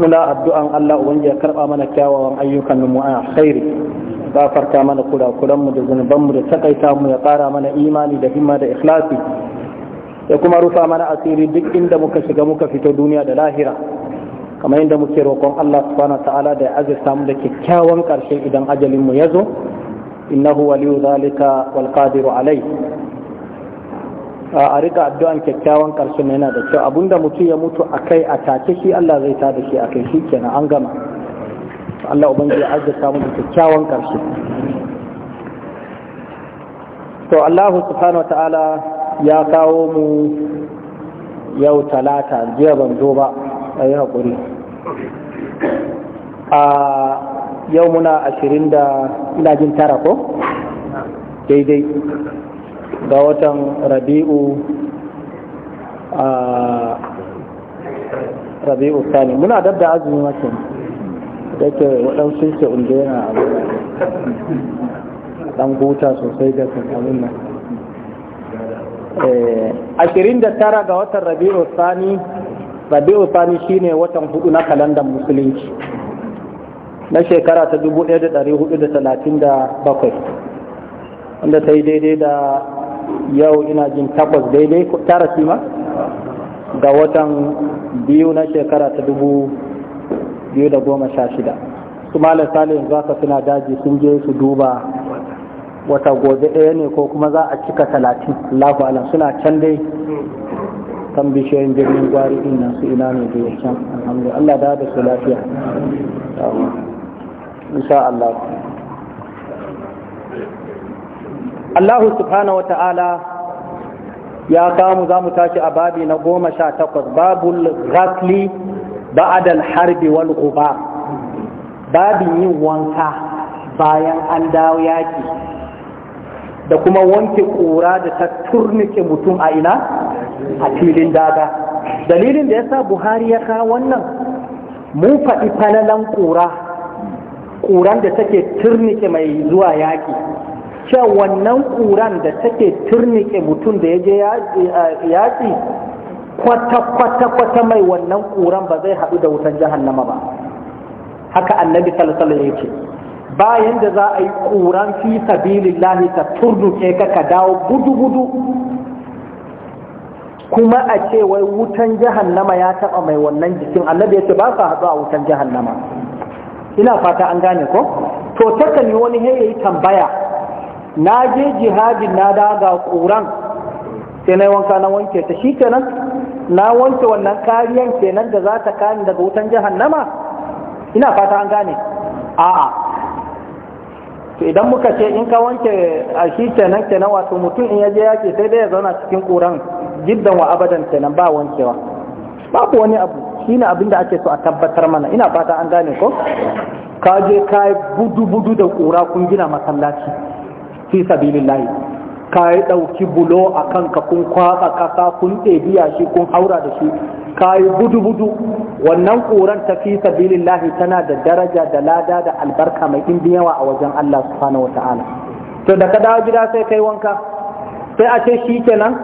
muna addu'an Allah ubangi ya karba mana kyawawan ayyukan mu a khairi gafarta mana kurakuran mu da zunuban mu da takaita mu ya kara mana imani da himma da ikhlasi ya kuma rufa mana asiri duk inda muka shiga muka fito duniya da lahira kamar yadda muke roƙon Allah subhanahu ta'ala da ya azurta mu da kyakkyawan karshe idan ajalin mu ya zo innahu waliyu zalika wal qadiru a rika addu'an kyakkyawan karshen yana da kyau abinda mutum ya mutu a kai a take shi Allah zai ta da shi a kai shi kenan an gama Allah ubangiji arzika mu da kyakkyawan karshe to Allah subhanahu ta'ala ya kawo mu yau talata jiya ban zo ba a yi a yau muna ashirin da ina jin tara ko daidai ga watan rabi'u a rabi'u sani muna dab da azumi makin da ke waɗansu ke unje yana abu ɗan guta sosai da kankanin nan eh, ashirin da tara ga watan rabi'u sani rabi'u sani shine watan hudu na kalandar musulunci na shekara ta 1437 wanda ta yi daidai da yau ina jin takwas daidai tara sima ga watan biyu na shekara ta dubu biyu da goma sha shida su malam salin za ka suna daji sun je su duba wata gobe ɗaya ne ko kuma za a cika talatin lafi alam suna can dai kan bishiyoyin birnin gwari ina su ina ne da yake can alhamdulillah Allah da su lafiya insha Allah Allah subhanahu wa ta'ala ya kamu za mu tashi a babi na goma sha takwas babul ghasli ba'adal harbi wal guba babin yin wanka bayan an dawo yaki da kuma wanke ƙura da ta turnike mutum a ina a filin daga dalilin da yasa buhari ya kawo wannan mun faɗi fanalan kura ƙuran da take turnike mai zuwa yaƙi cewa wannan ƙuran da take turnike mutum da ya je yaƙi kwata-kwata mai wannan ƙuran ba zai haɗu da wutan jahannama ba haka annabi salasala ya ce bayan da za a yi ƙuran fi lahi ta turnuke ka ka dawo gudu-gudu kuma a ce wai wutan jahannama ya taɓa mai wannan jikin annabi ya ce ba sa haɗu a wutan jahannama ina fata an gane ko to takan yi wani ya tambaya na je jihadin na daga ƙuran sai na yi wanka na wanke ta shi kenan na wanke wannan kariyan kenan da za ta kani daga wutan jahannama ina fata an gane a'a to idan muka ce in ka wanke a shi kenan kenan wato mutum in ya je yaki sai dai ya zauna cikin ƙuran jiddan wa abadan kenan ba wankewa babu wani abu shi ne abin da ake so a tabbatar mana ina fata an gane ko ka je ka yi budu budu da ƙura kun gina masallaci fi sabilillahi ka yi ɗauki bulo a kan kun kwatsa kasa kun ɗebiya shi kun haura da shi ka yi gudu gudu wannan ƙuran ta fi tana da daraja da lada da albarka mai ɗimbin yawa a wajen Allah subhanahu wata'ala to da ka dawo gida sai kai wanka sai a ce shi kenan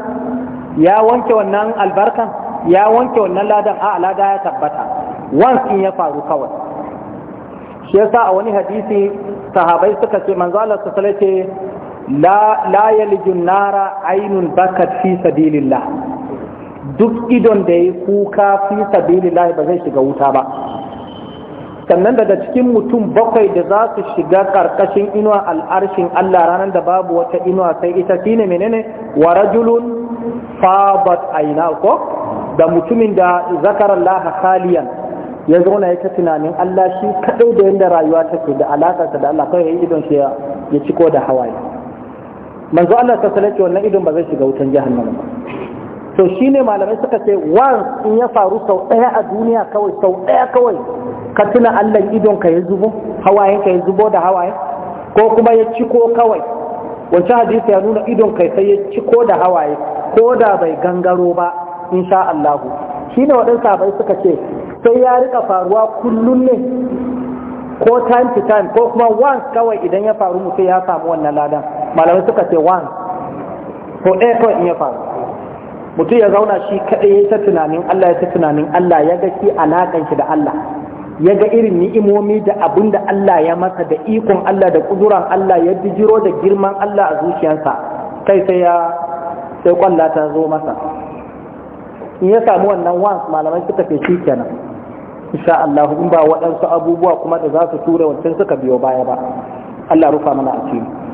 ya wanke wannan albarkan ya wanke wannan ladan a lada ya tabbata once in ya faru kawai shi yasa a wani hadisi sahabai suka ce manzo Allah sallallahu ce. la yalijun nara ainun bakat fi sabilillah duk idon da ya kuka fi sabilillah ba zai shiga wuta ba sannan daga cikin mutum bakwai da za su shiga karkashin inuwa al'arshin Allah ranar da babu wata inuwa sai ita shine menene wa rajulun fabat aina ko da mutumin da zakarar laha khaliyan ya zauna ya ta tunanin Allah shi kadai da yadda rayuwa take da alakarsa da Allah kawai ya idon shi ya ciko da hawaye manzo Allah ta sanar wannan idon ba zai shiga wutan jahannama ba to shine malamai suka ce wan in ya faru sau daya a duniya kawai sau daya kawai ka tuna Allah idon ka ya zubo hawayen ka ya zubo da hawaye ko kuma ya ciko kawai wace hadisi ya nuna idon kai sai ya ciko da hawaye ko da bai gangaro ba insha Allah shine wadansu sahabbai suka ce sai ya rika faruwa kullun ne ko time to time ko kuma once kawai idan ya faru mutum ya samu wannan ladan malamai suka ce one ko ɗaya kawai in ya faru mutum ya zauna shi kaɗai ya ta tunanin Allah ya ta tunanin Allah ya ga shi alaƙan shi da Allah ya ga irin ni'imomi da abin da Allah ya masa da ikon Allah da kuduran Allah ya bijiro da girman Allah a zuciyarsa kai sai ya sai kwalla ta zo masa in ya samu wannan once malamai suka ce shi kenan insha Allah in ba waɗansu abubuwa kuma da za su tura wancan suka biyo baya ba Allah rufa mana asiri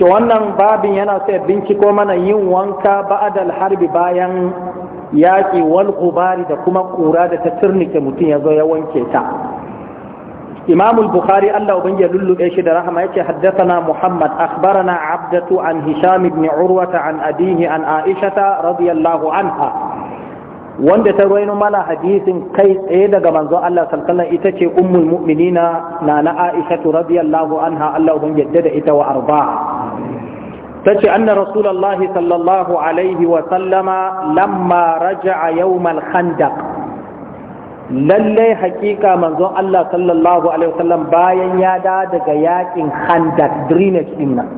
to wannan babin yana sai binciko mana yin wanka ba'adal harbi bayan yaƙi wal gubari da kuma ƙura da ta turnike mutum ya zo ya wanke ta imam al-bukhari allah ubangiji ya shi da rahama haddasa na muhammad akhbarana abdatu an hisham ibn urwata an abihi an aishata radiyallahu anha wanda ta raino mana hadisin kai tsaye daga manzon Allah sallallahu ita ce ummul mu'minina na na Aisha radhiyallahu anha Allah ubun yadda da ita wa arba tace anna rasulullah sallallahu alaihi wa sallama lamma raja'a yawmal khandaq lalle hakika manzon Allah sallallahu alaihi wa sallam bayan ya da daga yakin khandaq drainage dinna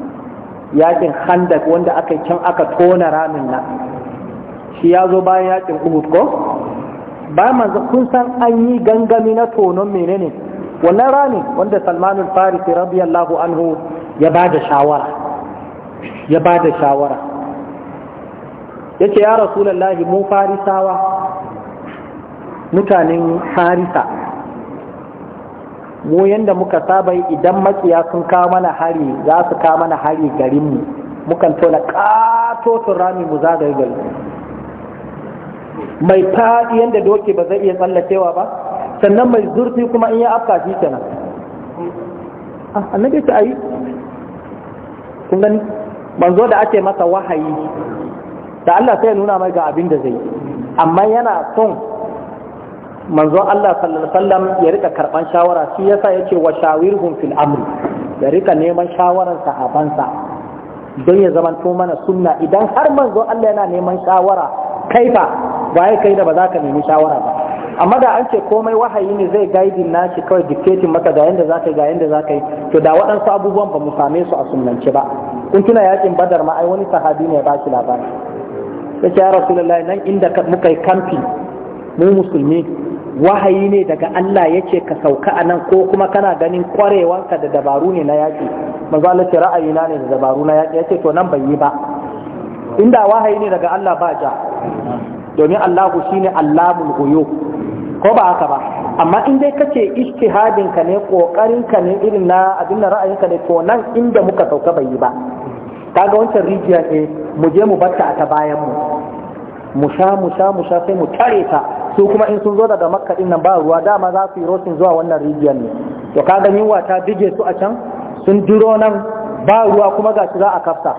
yakin khandaq wanda aka can aka tona ramin nan shi ya zo bayan yakin uhud ko ba ma kun san an yi gangami na tonon menene wannan rani wanda salman al-farisi radiyallahu anhu ya ba da shawara ya ba da shawara yace ya rasulullahi mu farisawa mutanen farisa mu yanda muka saba idan makiya sun kawo mana hari za su kawo mana hari garinmu mukan tona katotun rami mu zagaye garinmu mai faɗi yadda doke ba zai iya tsallakewa ba sannan mai zurfi kuma in ya afka shi kenan ah, annabi ta yi? kun gani manzo da ake masa wahayi da Allah sai ya nuna mai ga abin da zai amma yana son manzo Allah sallallahu alaihi wasallam ya rika karban shawara shi yasa yace wa shawirhum fil amr ya rika neman shawaran sahabansa don ya zamanto mana sunna idan har manzo Allah yana neman shawara kaifa ya kai da ba za ka nemi shawara ba amma da an ce komai wahayi ne zai gaidin nashi kawai dictating maka ga yanda za ka yi ga yanda za ka yi to da waɗansu abubuwan ba mu same su a sunnance ba Kuntuna tuna yakin badar ma ai wani sahabi ne ya bashi labari ya ce ya rasulullahi nan inda muka yi kamfi mu musulmi wahayi ne daga Allah ya ce ka sauka a nan ko kuma kana ganin kwarewanka da dabaru ne na yaƙi manzo Allah ce ra'ayina ne da dabaru na yaƙi ya ce to nan bai yi ba inda wahayi ne daga Allah ba ja domin Allahu shine Allahul goyo ko ba haka ba amma in dai kace ijtihadin ka ne kokarin ka ne irin na abin da ra'ayin ka ne to nan inda muka sauka bai yi ba kaga wancan rijiya ne mu je mu batta ta bayan mu mu sha mu sha mu sha sai mu tare ta su kuma in sun zo daga makka din nan ba ruwa dama za su yi rosin zuwa wannan rijiyar ne to kaga yunwa ta dige su a can sun duro nan ba ruwa kuma ga shi za a kafta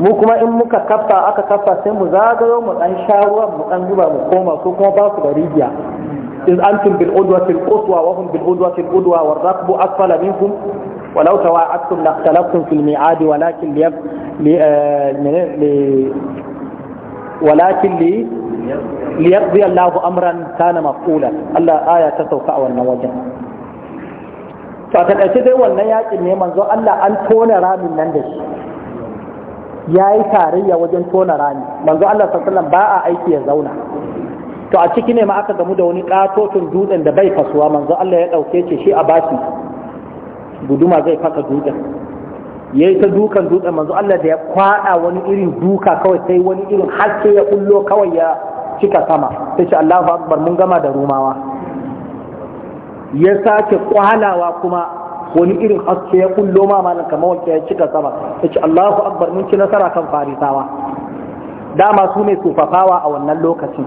mu kuma in muka kafa aka kafa sai mu zagayo mu dan shawuwa mu dan zuba mu koma so kuma ba su da rijiya iz antum bil udwati al qudwa wa hum bil udwati al qudwa wa ar-rakbu asfala minkum wa law tawa'adtum la ikhtalaftum fil mi'ad eh, walakin li li walakin li ليقضي الله امرا كان مقولا الا ايه تسوك او النوجه فتنأتي دي والنياك اني منزو الا ان تون رامي نندش ya yi tarayya wajen tona rami manzo Allah sallallahu ba a aiki ya zauna to a ciki ne ma aka gamu da wani katotun dutsen da bai fasuwa manzo Allah ya dauke ce shi a bashi guduma zai faka dutsen ya yi ta dukan dutsen manzo Allah da ya kwada wani irin duka kawai sai wani irin haske ya kullo kawai ya cika sama sai ce Allahu akbar mun gama da rumawa ya sake kwalawa kuma wani irin haske ya kullo ma malam kamar wanda ya cika sama ce Allahu akbar mun ci nasara kan farisawa dama su ne tsofafawa a wannan lokacin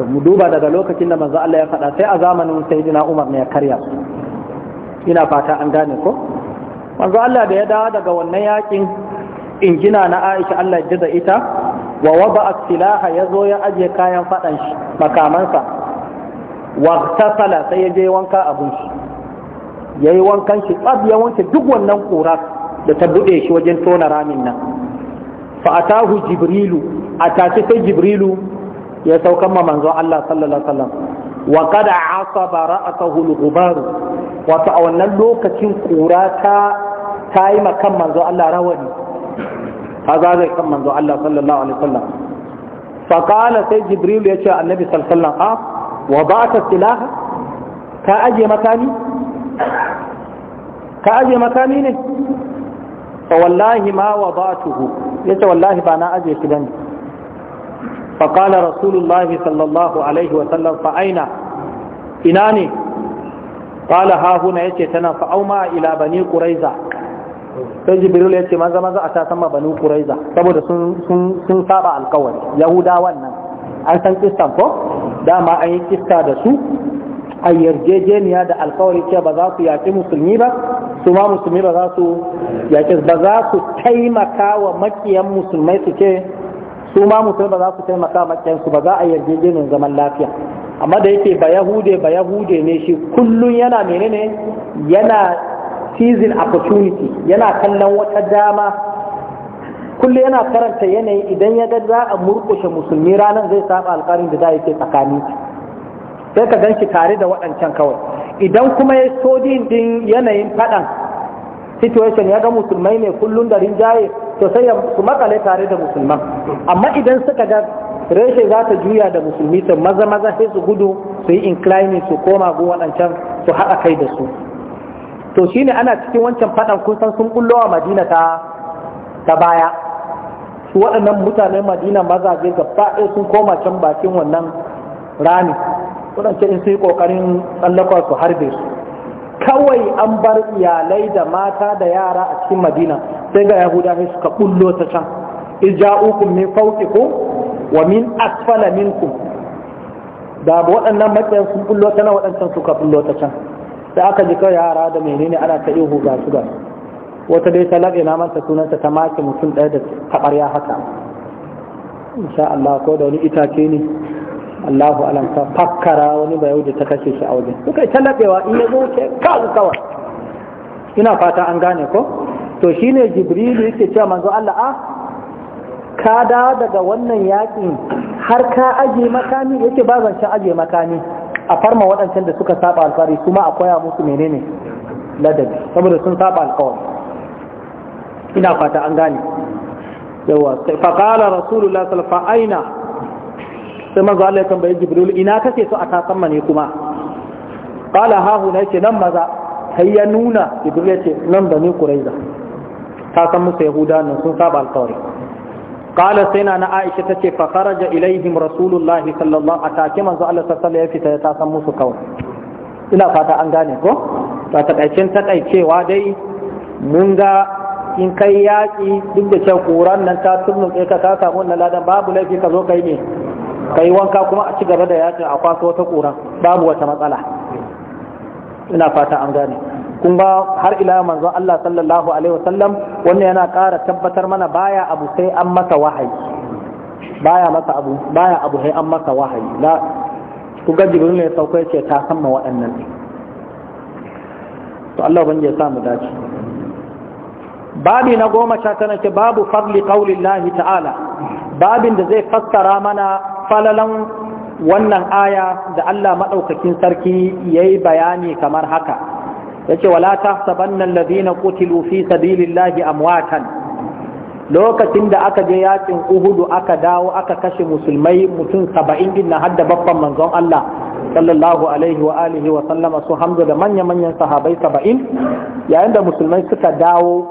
to mu duba daga lokacin da manzo Allah ya faɗa sai a zamanin sayyidina Umar ne ya karya ina fata an gane ko manzo Allah da ya dawo daga wannan yakin injina na Aisha Allah ya jaza ita wa wada silaha yazo ya aje kayan fadan shi makamansa wa sai ya je wanka abun shi ya yi wankan shi tsab ya wanke duk wannan ƙura da ta buɗe shi wajen tona ramin nan fa'atahu jibrilu a tashi sai jibrilu ya saukan ma manzo Allah sallallahu alaihi wasallam wa qad asaba ra'atahu al-ghubar wato a wannan lokacin ƙura ta ta yi makan manzo Allah rawani kaza zai kan manzo Allah sallallahu alaihi wasallam fa qala sai jibrilu ya ce annabi sallallahu alaihi wasallam a ah, wa ba'ata silaha ka aje makani ka aje makami ne fa wallahi ma wada'tuhu yace wallahi ba na aje shi bane fa qala rasulullah sallallahu alaihi wa sallam fa aina ina ne qala ha huna yace tana fa auma ila bani quraiza sai jibril yace maza maza a ta ma bani quraiza saboda sun sun sun saba alkawari yahudawan nan an san kistan ko dama an yi kista da su a yarjejeniya da alkawari cewa ba za su yaƙi musulmi ba su ma musulmi ba za su yaƙi ba za su taimaka wa makiyan musulmai su ce su ma musulmi ba za su taimaka makiyan su ba za a yarjejeniyar zaman lafiya amma da yake ba yahude ba yahude ne shi kullum yana menene yana season opportunity yana kallon wata dama kullum yana karanta yanayi idan ya ga za a murƙushe musulmi ranar zai saba alƙarin da za a yake tsakaninsu sai ka gan shi tare da waɗancan kawai idan kuma ya so din yanayin faɗan situation ya ga musulmai ne kullum da rinjaye to sai ya su makale tare da musulman amma idan suka ga reshe za ta juya da musulmi to maza maza sai su gudu su yi inclining su koma go waɗancan su haɗa kai da su to shine ana cikin wancan faɗan kun san sun bullo madina ta baya su waɗannan mutanen madina mazaje gaba ɗaya sun koma can bakin wannan rami ce in su yi ƙoƙarin tsallakwa su harbe su kawai an bar iyalai da mata da yara a cikin madina sai ga yahudawa suka kullo ta can ija'ukum min fawqikum wa min asfala minkum da ba waɗannan matsayin sun kullo ta nan waɗancan suka kullo ta can sai aka ji kawai yara da menene ana ta ihu ga su ga wata dai ta laɓe na manta sunanta ta make mutum ɗaya da ya haka insha Allah ko da wani itace ne Allahu alam ta fakkara wani ba yahudi ta kashe shi a wajen suka ta labewa in ya zo ce kawu kawai ina fata an gane ko to shine jibrilu yake cewa manzo Allah a ah, ka dawo daga wannan yakin har ka aje makami yake ba zan ci aje makami a farma waɗancan da suka saba alfari kuma a koya musu menene ladabi saboda sun saba alkawari ina fata an gane yawa fa qala rasulullah sallallahu alaihi wasallam aina sai manzo Allah ya tambaye Jibril ina kake so a tasamma mane kuma qala ha hu yace nan maza sai ya nuna Jibril ce nan bani Quraiza ta san musu Yahuda nan sun saba alƙawari qala sai na Aisha tace fa kharaja ilaihim Rasulullahi sallallahu alaihi wasallam manzo Allah sallallahu alaihi wasallam ya fita ta san musu kawai ina fata an gane ko ba ta kaicin takaicewa dai mun ga in kai yaƙi duk da cewa ƙuran nan ta turnu ka ka samu wannan ladan babu laifi ka zo kai ne kai wanka kuma a ci gaba da yakin a kwaso wata ƙura babu wata matsala ina fata an gane kun ba har ila manzo Allah sallallahu alaihi wasallam wannan yana ƙara tabbatar mana baya abu sai an masa wahayi baya masa abu baya abu sai an masa wahayi la ku ga jibril ne sauka yake ta san ma waɗannan to Allah ban ya sa mu dace babi na goma sha tana ce babu fadli qaulillahi ta'ala babin da zai fassara mana falalan wannan aya da Allah maɗaukakin sarki ya yi bayani kamar haka ya ce wala ta sabannan ladina kutilu fi sabilillahi amwatan lokacin da aka je yakin uhudu aka dawo aka kashe musulmai mutum saba'in din na hadda babban manzon Allah sallallahu alaihi wa alihi wa sallama su hamza da manya-manyan sahabai saba'in yayin da musulmai suka dawo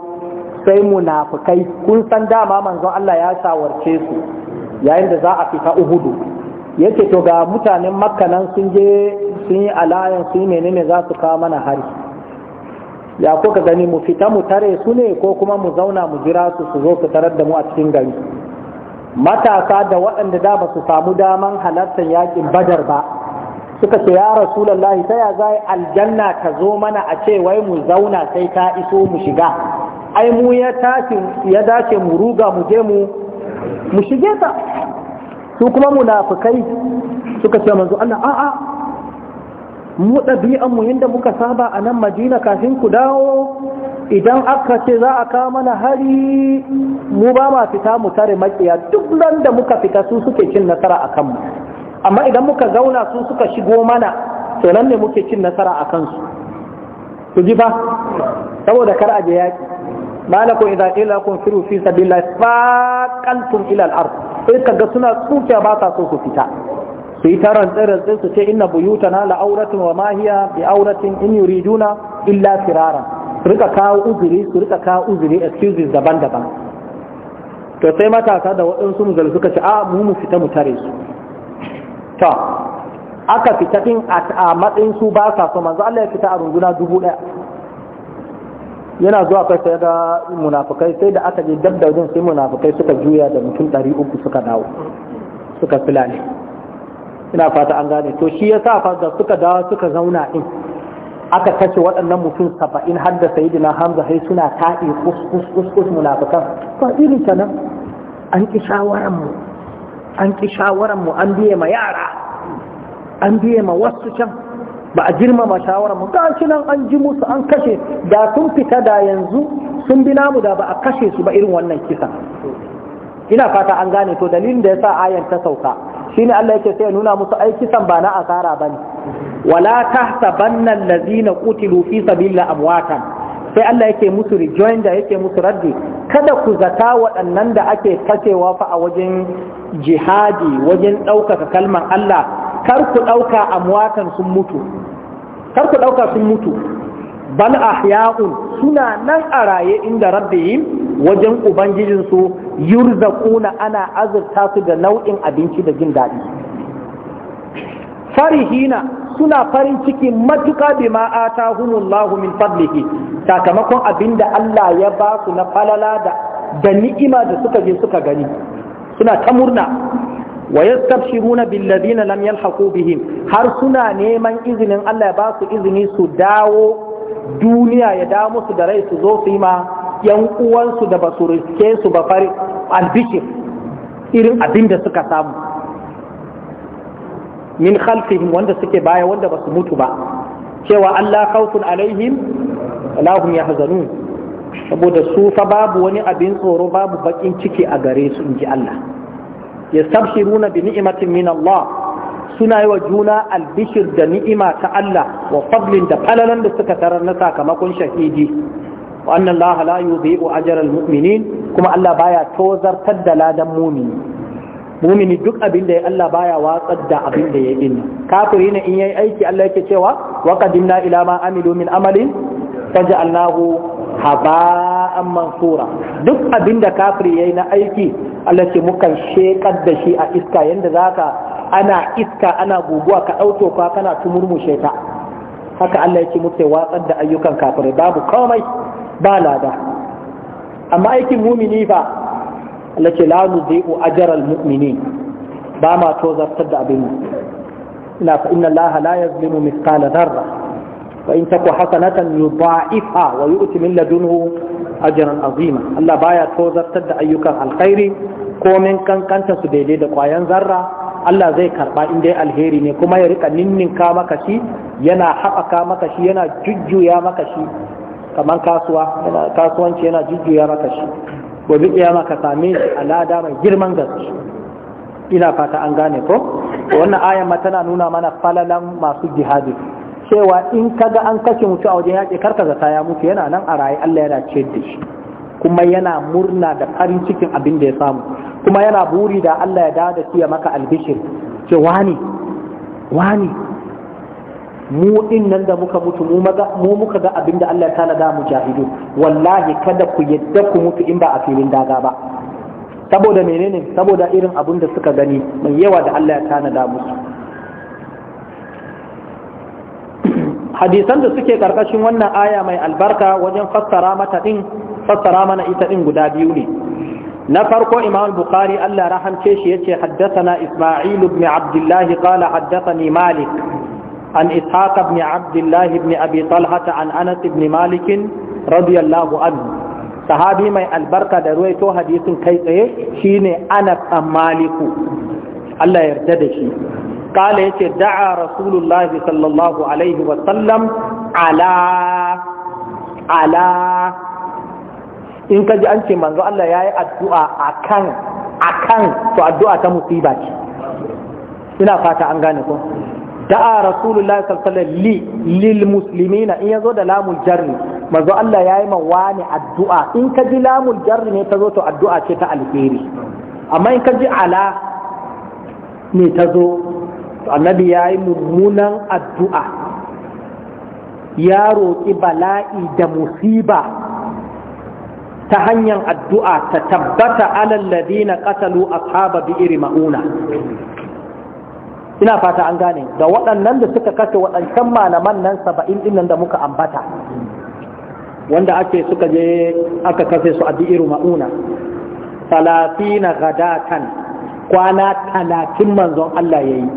sai munafukai kun san dama manzon Allah ya shawarce su yayin da za a fita uhudu yake to ga mutanen makka nan sun je sun yi alayan sun yi menene za su kawo mana hari ya ko ka gani mu fita mu tare su ne ko kuma mu zauna mu jira su su zo su tarar da mu a cikin gari matasa da waɗanda da ba su samu daman halartar yakin badar ba suka ce ya rasulallahi ta ya za aljanna ta zo mana a ce wai mu zauna sai ta iso mu shiga ai mu ya tashi ya dace mu ruga mu je mu mu shige ta su kuma munafukai suka ce manzo Allah a'a mu ɗabi'an mu yadda muka saba a nan madina kafin ku dawo idan aka ce za a kawo mana hari mu ba ma fita mu tare maƙiya duk nan da muka fita su suke cin nasara a kanmu amma idan muka zauna su suka shigo mana to nan ne muke cin nasara a kansu su ji fa saboda kar a je yaki malako idan ila kun firu fi sabilillah faqaltum ila al-ard sai kaga suna tsuke ba ta so ku fita su yi taron tsirar su ce inna na na auratin wa mahiya bi auratin in yuriduna illa firaran su rika kawo uzuri su rika kawo uzuri excuses daban-daban to sai matasa da waɗansu muzal suka ce a mu mu fita mu tare su to aka fita din a matsayin su ba sa so manzo Allah ya fita a runguna dubu ɗaya yana zuwa kai sai ga munafukai sai da aka je dab sai munafukai suka juya da mutum ɗari uku suka dawo suka filani ina fata an gane to shi yasa fa da suka dawo suka zauna din aka kashe waɗannan mutum saba'in har da sayyidina hamza sai suna taɗi kus kus kus munafukan ba irin ta nan an ki shawaran mu an ki shawaran mu an biye ma yara an biye ma wasu can ba a girmama shawarar mu ga shi nan an ji musu an kashe da sun fita da yanzu sun bi namu da ba a kashe su ba irin wannan kisa ina fata an gane to dalilin da yasa ayan ta sauka shine Allah yake sai ya nuna musu ai kisan ba na asara bane wala tahsabanna allazina qutilu fi sabilillah amwatan sai Allah yake musu rejoinder yake musu raddi kada ku zata waɗannan da ake fasewa fa a wajen jihadi wajen ɗaukaka kalman Allah kar ku ɗauka a muwatan sun mutu kar ku ɗauka sun mutu bal ahya'un suna nan a raye inda rabbihim wajen ubangijinsu yurzaquna ana azurta su da nau'in abinci da jin daɗi farihina suna farin ciki matuƙa bi ma'ata hunullahu min fadlihi sakamakon abinda Allah ya ba su na falala da da ni'ima da suka je suka gani suna ta murna wa yastabshiruna bil ladina lam yalhaqu bihim har suna neman izinin Allah ya ba su izini su dawo duniya ya dawo musu da rai su zo su yi ma yan uwansu da basu riske su ba fari albishir irin abin da suka samu min khalfihim wanda suke baya wanda ba su mutu ba cewa Allah khawfun alaihim la hum yahzanun saboda su fa babu wani abin tsoro babu bakin ciki a gare su inji Allah yastabshiruna bi ni'matin min Allah suna yi wa juna albishir da ni'ima ta Allah wa fadlin da falalan da suka tarar na sakamakon shahidi wa anna Allah la yudhi'u ajral mu'minin kuma Allah baya tozartar da ladan mu'mini mumini duk abin da ya Allah baya watsar da abin da ya dinna kafiri ne in yayi aiki Allah yake cewa wa qadimna ila ma amilu min amalin faj'alnahu haba'an mansura duk abin da kafiri yayi na aiki Allah ce mukan shekar da shi a iska yanda zaka ana iska ana guguwa ka dauto fa kana tumurmushe ta haka Allah yake muke watsar da ayyukan kafiri. babu komai ba lada amma aikin mumini fa Allah ce la nudhi'u ajral mu'minin ba ma tozartar da abin ina fa inna allaha la yazlimu mithqala dharra wa in taku hasanatan yudha'ifha wa yu'ti min ladunhu ajran azima Allah baya tozartar da ayyukan alkhairi ko min kankanta su daidai da kwayan zarra Allah zai karɓa inda dai alheri ne kuma ya rika ninninka maka shi yana haɓaka maka shi yana jujjuya maka shi kamar kasuwanci yana jujjuya maka shi gobe kiyama ka same shi a lada mai girman gaske ina fata an gane ko wannan ayan ma tana nuna mana falalan masu jihadi cewa in kaga an kashe mutu a wajen yaƙi karka zata ya mutu yana nan a raye Allah yana ce da shi kuma yana murna da farin cikin abin da ya samu kuma yana buri da Allah ya dada da shi ya maka albishir ce wani wani mu din nan da muka mutu mu muka ga abinda da Allah ya tana mu mujahidu wallahi kada ku yadda ku mutu in ba a filin daga ba saboda menene saboda irin abin da suka gani mai yawa da Allah ya tana da musu hadisan da suke karkashin wannan aya mai albarka wajen fassara mata din fassara mana ita din guda biyu ne na farko imam bukhari Allah rahamce shi yace haddathana isma'il ibn abdullah qala haddathani malik عن إسحاق بن عبد الله بن أبي طلحة عن أنس بن مالك رضي الله عنه صحابي ما البركة درويتو حديث كيف شيني أنس أم مالك الله يرتدشي قال يتي دعا رسول الله صلى الله عليه وسلم على على in ka ji an ce manzo Allah ya yi addu'a akan akan to addu'a ta musiba ce ina fata an gane ko da'a rasulullahi sallallahu alaihi wasallam lil muslimina in yazo da lamul jarri manzo Allah yayi ma wani addu'a in ka ji lamul jarri ne tazo to addu'a ce ta alheri amma in ka ji ala ne tazo to annabi yayi mummunan addu'a ya roƙi bala'i da musiba ta hanyar addu'a ta tabbata alal ladina qatalu ashaba iri mauna ina fata an gane da waɗannan da suka kashe waɗancan malaman nan saba'in ɗin nan da muka ambata wanda ake suka je aka kashe su a bi'iru ma'una talatina gadatan kwana talatin manzon Allah ya yi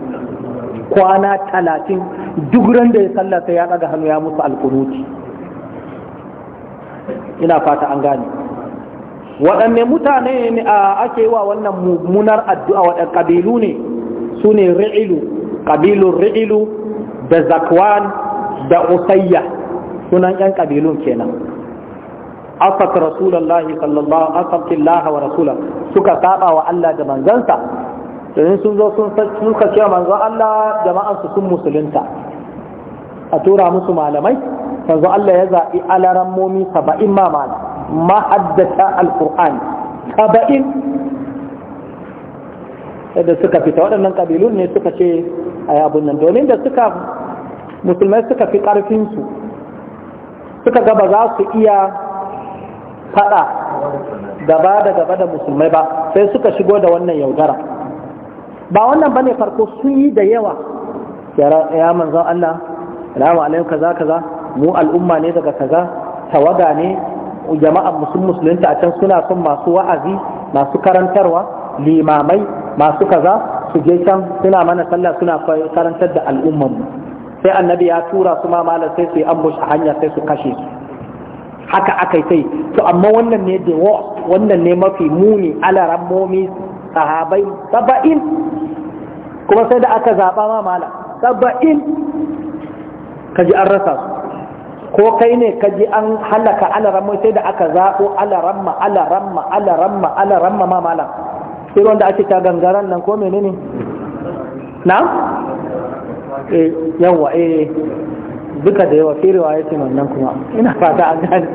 kwana talatin duk ran da ya sallata ya ɗaga hannu ya musu alkunuti ina fata an gane waɗanne mutane ne ake wa wannan mummunar addu'a waɗanne ƙabilu ne su ne ri'ilu ƙabilun ri'ilu da zakwan da usayya sunan 'yan ƙabilun kenan asat Rasulallah sallallahu asatillaha wa rasulah suka saba wa Allah da manzansa domin sun zo sun suka cewa manzon Allah jama'ansu sun musulunta a tura musu malamai manzon Allah ya zaɓi alaran momi saba'in ma mahaddata alƙur'ani saba'in yadda suka fita waɗannan ƙabilun ne suka ce a yabun nan domin da suka musulmai suka fi ƙarfinsu suka gaba za su iya faɗa gaba da gaba da musulmai ba sai suka shigo da wannan yaudara ba wannan bane farko sun yi da yawa ya manzon Allah salamu alaikum kaza kaza mu al'umma ne daga kaza tawaga ne jama'a musulunta a can suna son masu wa'azi masu karantarwa limamai masu kaza su je can suna mana sallah suna karantar da al'umman mu sai annabi ya tura su ma malam sai su yi ambush a hanya sai su kashe su haka aka sai to amma wannan ne da wa wannan ne mafi muni ala momi sahabai saba'in kuma sai da aka zaba ma malam saba'in kaji an rasa su ko kai ne ka ji an halaka alaramma sai da aka zaɓo alaramma alaramma alaramma alaramma ma malam sai wanda ake ta gangaran nan ko menene na eh yawa e eh, duka da yawa firewa ya ce wannan kuma ina fata an gani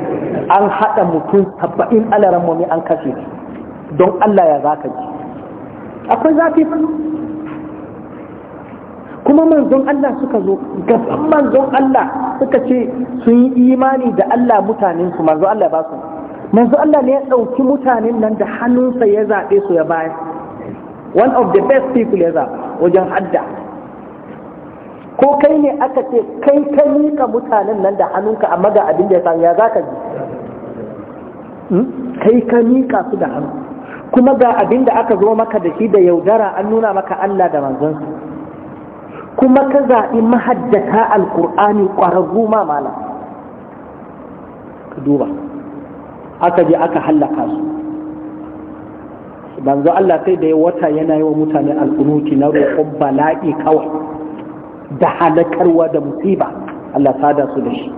an haɗa mutum saba'in alaran momi an kashe don Allah ya za ka ji akwai zafi kuma manzon Allah suka zo gaban manzon Allah suka ce sun yi imani da Allah mutanen su manzon Allah ba su manzo Allah ne ya ɗauki mutanen nan da hannunsa ya zaɓe su ya bayar one of the best people ya zaɓa wajen hadda ko kai ne aka ce kai ka miƙa mutanen nan da hannunka amma ga abin da ya samu ya za ka ji hmm? kai ka miƙa su da hannu kuma ga abin da aka zo maka da shi da yaudara an nuna maka Allah da manzansu kuma ka zaɓi mahaddata alƙur'ani ƙwararru ma mala ka duba aka je aka hallaka su manzo Allah sai da ya wata yana yi wa mutane al'unuti na roƙon bala'i kawai da halakarwa da musiba Allah sada su da shi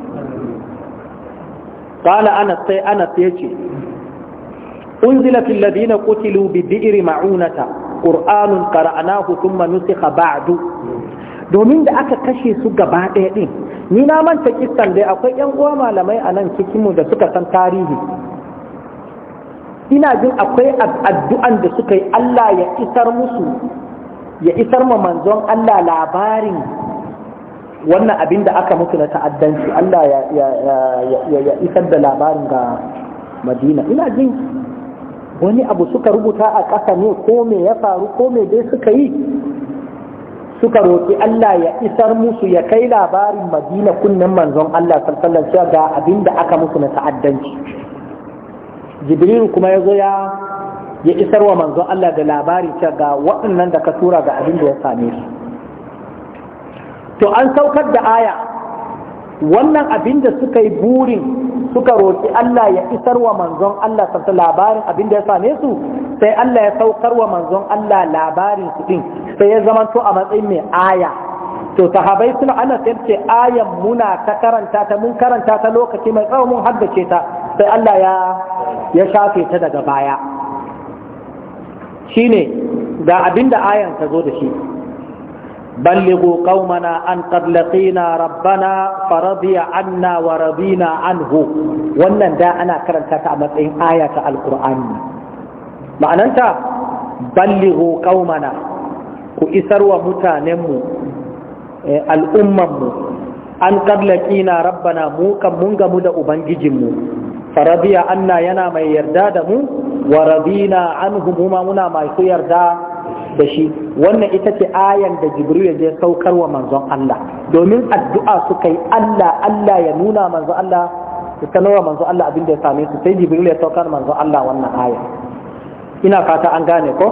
qala anas sai anas yace unzila fil ladina qutilu bi bi'ri ma'unata qur'anun qara'nahu thumma nusikha ba'du domin da aka kashe su gaba ɗaya ɗin ni na manta kistan dai akwai yan uwa malamai a nan mu da suka san tarihi ina jin akwai addu'an da suka yi Allah ya isar musu ya isar ma manzon Allah labarin wannan abin da aka mutu na ta'addanci Allah ya isar da labarin ga Madina ina jin wani abu suka rubuta a ƙasa ne ko me ya faru ko me dai suka yi suka roƙi Allah ya isar musu ya kai labarin Madina kunnen manzon Allah sallallahu alaihi ga abin da aka mutu na ta'addanci jibril kuma ya zo ya isar wa manzon Allah da labari ce ga waɗannan da ka tura ga abin da ya same su to an saukar da aya wannan abin da suka yi burin suka roƙi Allah ya isar wa manzon Allah sarta labarin abin da ya same su sai Allah ya saukar wa manzon Allah labarin su din sai ya zama zamanto a matsayin mai aya to sahabai suna ana sai ce ayan muna ta karanta ta mun karanta ta lokaci mai tsawo mun haddace ta sai Allah ya ya shafe ta daga baya shine ga abinda ayan ta zo da shi بلغوا قومنا أن قد لقينا ربنا فرضي wa ورضينا عنه wannan da ana karanta ta a matsayin aya ta alkur'ani ma'ananta ballighu qaumana ku isar wa mutanenmu eh, al'ummanmu an qad laqina rabbana mu kan mun gamu da ubangijinmu faradiya anna yana mai yarda da mu wa radina anhu muma muna masu yarda da shi wannan ita ce ayan da jibril ya je saukar wa manzon Allah domin addu'a suka yi Allah Allah ya nuna manzon Allah su manzon Allah abin da ya same su sai jibril ya saukar manzon Allah wannan aya ina fata an gane ko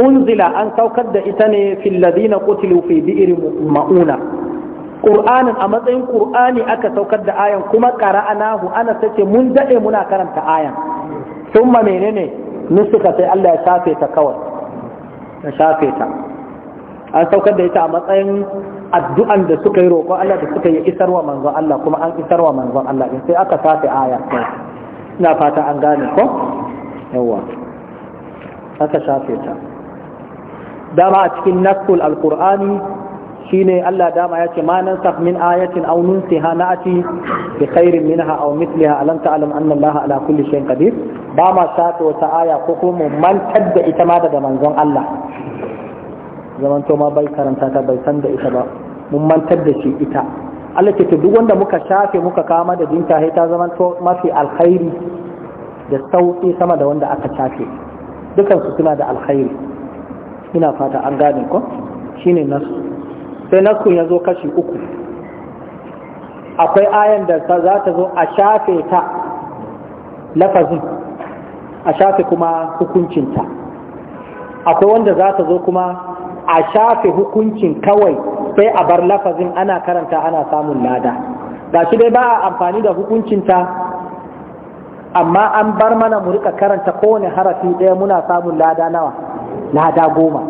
unzila an saukar da ita ne fil ladina qutilu fi ma'una ƙur'anin a matsayin ƙur'ani aka saukar da ayan kuma qara'anahu ana sace mun daɗe muna karanta ayan thumma menene nusuka sai Allah ya shafe ta kawai ya shafe ta an saukar da ita a matsayin addu'an da suka yi roƙo Allah da suka yi isarwa manzon Allah kuma an isarwa manzon Allah sai aka shafe aya ina fata an gane ko yawa shafe ta dama a cikin naskul alqur'ani shine Allah dama ya ce ma nan saf min ayatin aw nunsiha na'ati bi khairin minha aw mithliha alam ta'lam anna Allah ala kulli shay'in qadir ba ma sata wata aya ko ko mu mantar da ita ma daga manzon Allah zaman to ma bai karanta ta bai san da ita ba mun mantar da shi ita Allah ce to duk wanda muka shafe muka kama da dinta ta zaman to mafi alkhairi da sauki sama da wanda aka shafe dukansu suna da alkhairi ina fata an gane ko shine nasu sai naskun ya zo kashi uku akwai ayan da za ta zo a shafe ta lafazin a shafe kuma hukuncinta akwai wanda za ta zo kuma a shafe hukuncin kawai sai a bar lafazin ana karanta ana samun lada ga shi dai ba a amfani da hukuncinta amma an bar mana mu rika karanta kowane harafi ɗaya muna samun lada nawa lada goma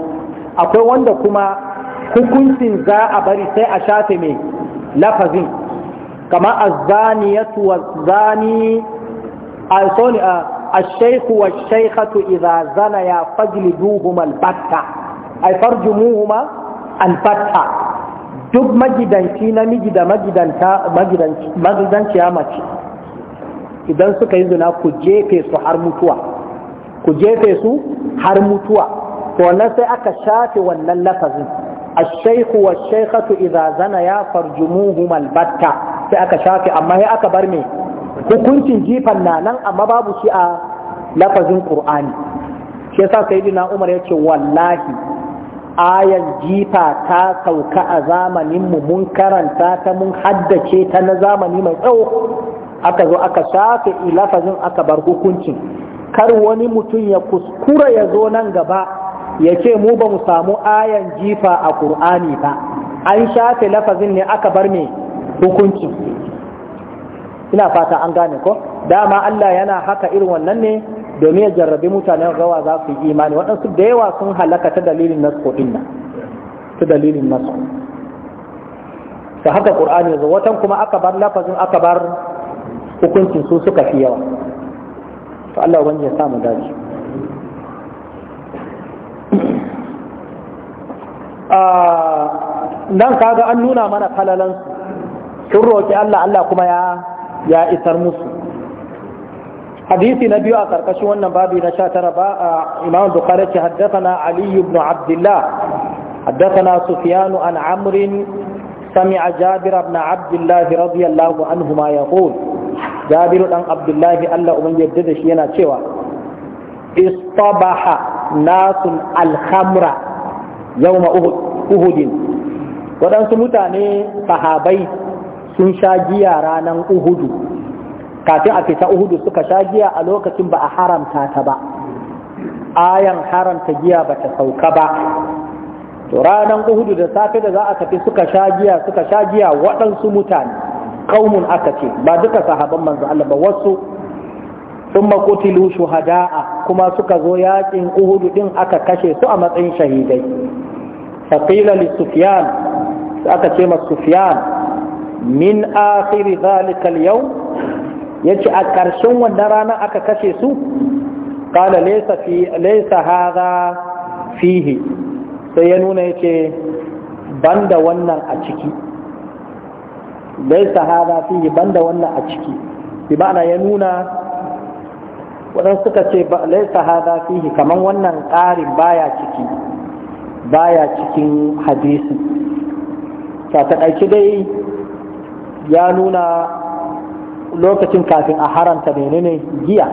akwai wanda kuma hukuncin za a bari sai a shafe mai lafazin kama tuwa zani a soni a ashaykhu washaykatu idza zanaya fajliduhuma albatta ay farjumuhuma albatta duk magidanci namiji da magidanta magidanciya mace idan suka yi zina ku jefe su har mutuwa ku jefe su har mutuwa to na sai aka shafe wannan lafazin الشيخ والشيخة إذا زنيا فرجموهما البتة sai aka shafe amma sai aka bar me hukuncin jifan na nan amma babu shi a lafazin Kur'ani. shi yasa sayyidina umar yace wallahi ayan jifa ta sauka a zamanin mu mun karanta ta mun haddace ta na zamani mai tsawo aka zo aka shafe lafazin aka bar hukuncin kar wani mutum ya kuskura ya zo nan gaba ya ce mu ba mu samu ayan jifa a ƙur'ani ba an shafe lafazin ne aka bar mai hukuncin ina fata an gane ko dama Allah yana haka irin wannan ne domin ya jarrabi mutanen rawa za su yi imani waɗansu da yawa sun halaka ta dalilin nasu ɗin ta dalilin nasu ta haka ƙur'ani yanzu watan kuma aka bar lafazin aka bar hukuncin su suka fi yawa to Allah wani ya samu dace nan ah, kaga an nuna mana falalansu sun roƙi Allah Allah kuma ya ya isar musu hadisi na biyu a ƙarƙashin wannan babi na 19 ba Imam Bukhari ce haddathana Ali ibn Abdullah haddathana Sufyan an Amr سمع جابر بن عبد الله رضي الله عنهما يقول جابر بن عبد الله الله من يدد شينا cewa istabaha nasun alhamra yau ma uhudin waɗansu mutane sahabai sun sha giya ranar uhudu kafin a fita uhudu suka sha giya a lokacin ba a haramta ta ba ayan haramta giya ba ta sauka ba to ranar uhudu da safe da za a tafi suka sha giya suka sha giya waɗansu mutane kaumun aka ce ba duka sahaban manzo Allah ba wasu sun makutilu shuhada'a kuma suka zo yakin uhudu ɗin aka kashe su a matsayin shahidai faƙila li sufyan aka ce ma sufyan min akhiri zalikal yau ya ce a karshen wannan rana aka kashe su ƙala laisa haza fihi sai ya nuna ya ce ban da wannan a ciki laisa haza fihi ban da wannan a ciki bi ya nuna waɗansu suka ce ba laisa hada fihi kaman wannan ƙarin baya ciki baya cikin hadisi ta taƙaice dai ya nuna lokacin kafin a haranta menene giya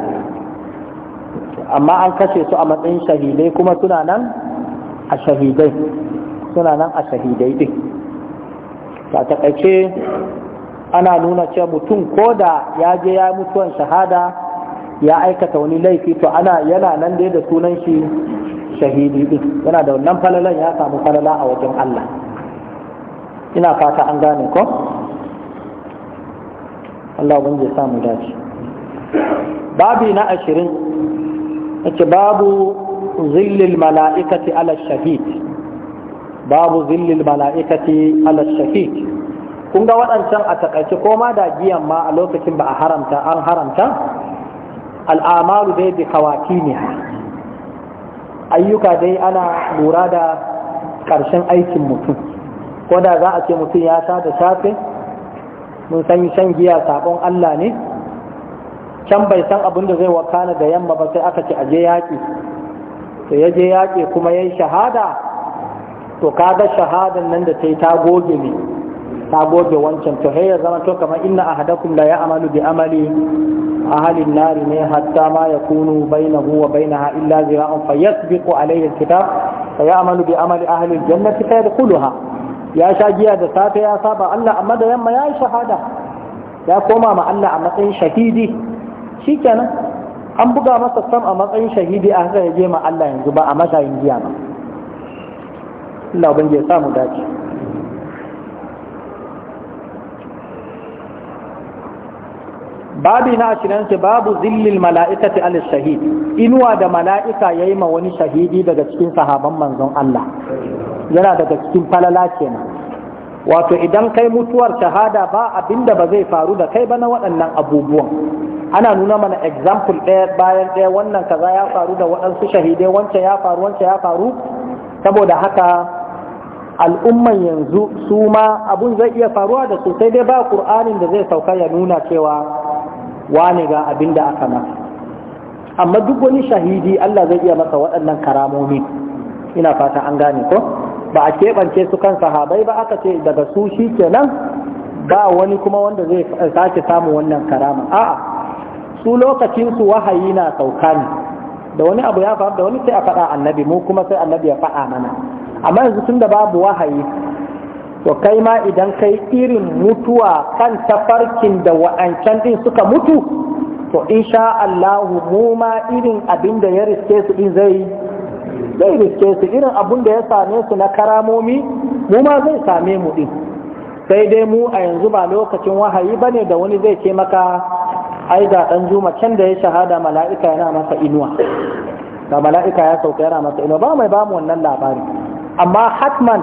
amma an kashe su a matsayin shahidai kuma suna nan a shahidai suna nan a shahidai din ta taƙaice ana nuna ce mutum ko da ya je ya mutuwan shahada ya aikata wani laifi to ana yana nan dai da sunan shi shahidi din yana da wannan falalan ya samu falala a wajen Allah ina fata an gane ko Allah ubangiji zai samu dace babi na ashirin yace babu zillil mala'ikati ala shahid babu zillil mala'ikati ala shahid kun ga waɗancan a takaice ko ma da giyan ma a lokacin ba a haramta an haramta al'amalu dai bi ne ayyuka dai ana lura da ƙarshen aikin mutum ko da za a ce mutum ya sha da safe mun san shan giya sabon Allah ne can bai san abin da zai wakana da yamma ba sai aka ce aje yaƙi to ya je yaƙi kuma ya yi shahada to kaga shahadan nan da ta yi ta goge ne na goge wancan to ya zama to kamar inna ahadakum la ya'malu bi amali ahalin nari ne hatta ma yakunu bainahu wa bainaha illa zira'un fayasbiqu alayhi alkitab fa ya'malu bi amali ahli aljannati fa yadkhuluha ya sha giya da safe ya saba Allah amma da yamma ya shahada ya koma ma Allah a matsayin shahidi shikenan an buga masa sam a matsayin shahidi a haka ya je ma Allah yanzu ba a yin giya ba Allah ubangiji ya samu dace babi na ashirin ce babu zillil mala'ikati al shahid inuwa da mala'ika yayi ma wani shahidi daga cikin sahaban manzon Allah yana daga cikin falala kenan wato idan kai mutuwar shahada ba abinda ba zai faru da kai ba na waɗannan abubuwan ana nuna mana example ɗaya bayan ɗaya wannan kaza ya faru da waɗansu shahidai wancan ya faru wancan ya faru saboda haka al'umman yanzu su ma abun zai iya faruwa da su sai dai ba ƙur'anin da zai sauka ya nuna cewa wane ga abin da aka masa amma duk wani shahidi Allah zai iya masa waɗannan karamomi ina fata an gane ko ba a keɓance su kan sahabai ba aka ce daga su shi kenan ba wani kuma wanda zai sake samu wannan karama a'a su lokacinsu su wahayi na sauka ne da wani abu ya faru da wani sai a faɗa annabi mu kuma sai annabi ya faɗa mana amma yanzu tun da babu wahayi to kai ma idan kai irin mutuwa kan tafarkin da wa'ancan din suka mutu to in sha Allahu mu ma irin abin da ya riske su din zai zai riske su irin abin da ya same su na karamomi mu ma zai same mu din sai dai mu a yanzu ba lokacin wahayi ba ne da wani zai ce maka ai ga dan juma can da ya shahada mala'ika yana masa inuwa da mala'ika ya sauka yana masa inuwa ba mai bamu wannan labari amma hatman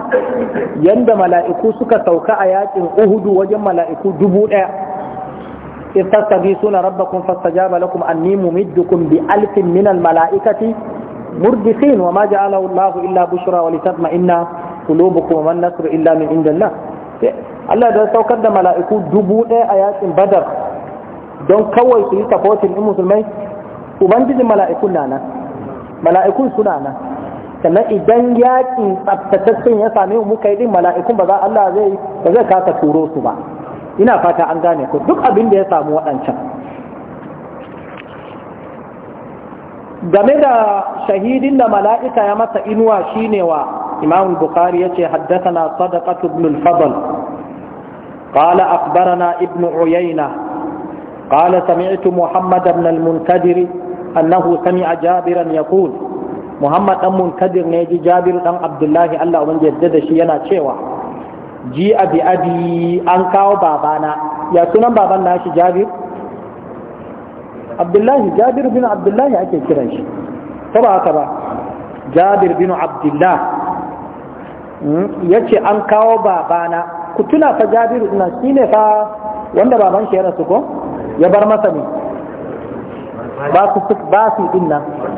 yanda mala'iku suka sauka a yakin uhudu wajen mala'iku dubu ɗaya in suna tastabisuna rabbakum fastajaba lakum anni mumiddukum bi alfin min mala'ikati murdisin wa ma ja'ala Allah illa bushra wa litatma'inna qulubukum wa man nasru illa min indillah Allah da saukar da mala'iku dubu ɗaya a yakin badar don kawai su yi tafotin in musulmai ubangijin mala'ikun na nan mala'ikun suna nan sannan idan yaƙin tsaftataccen ya same mu yi din mala'ikun ba za Allah zai ba kasa turo su ba ina fata an gane ku duk abin da ya samu waɗancan game da shahidin da mala'ika ya masa inuwa shine wa imam bukhari ya ce haddathana na ibn al-fadl qala akhbarana ibn uyayna qala sami'tu muhammad ibn al-muntadir annahu sami'a jabiran yaqul muhammad dan munkadir ne ji jabir dan abdullahi allah wanda yadda da shi yana cewa ji abi abi an kawo babana ya sunan baban na shi jabir abdullahi jabir bin abdullahi ake kiran shi ta ba haka ba jabir bin abdullah hmm? ya ce an kawo babana ku tuna fa jabir na shi ne fa wanda baban shi ya rasu ko ya bar masa ne ba su din nan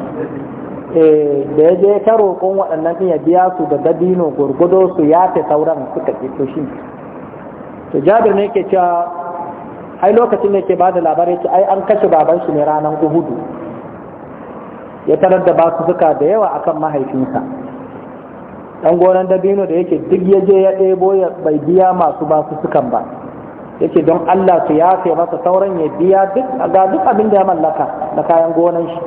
Eh, da ya je ta roƙon waɗannan iya ya biya su da dabino gurgudo su ya ce sauran suka ce to shi to jabir ne ke cewa ai lokacin ne ke ba da labarai ce ai an kashe baban shi ne ranar uhudu ya tarar da su suka da yawa akan mahaifinsa dan gonan dabino da yake duk ya je ya ɗebo ya bai biya masu su sukan ba yake don Allah su yafe masa sauran ya biya duk duk abin da ya mallaka na kayan gonan shi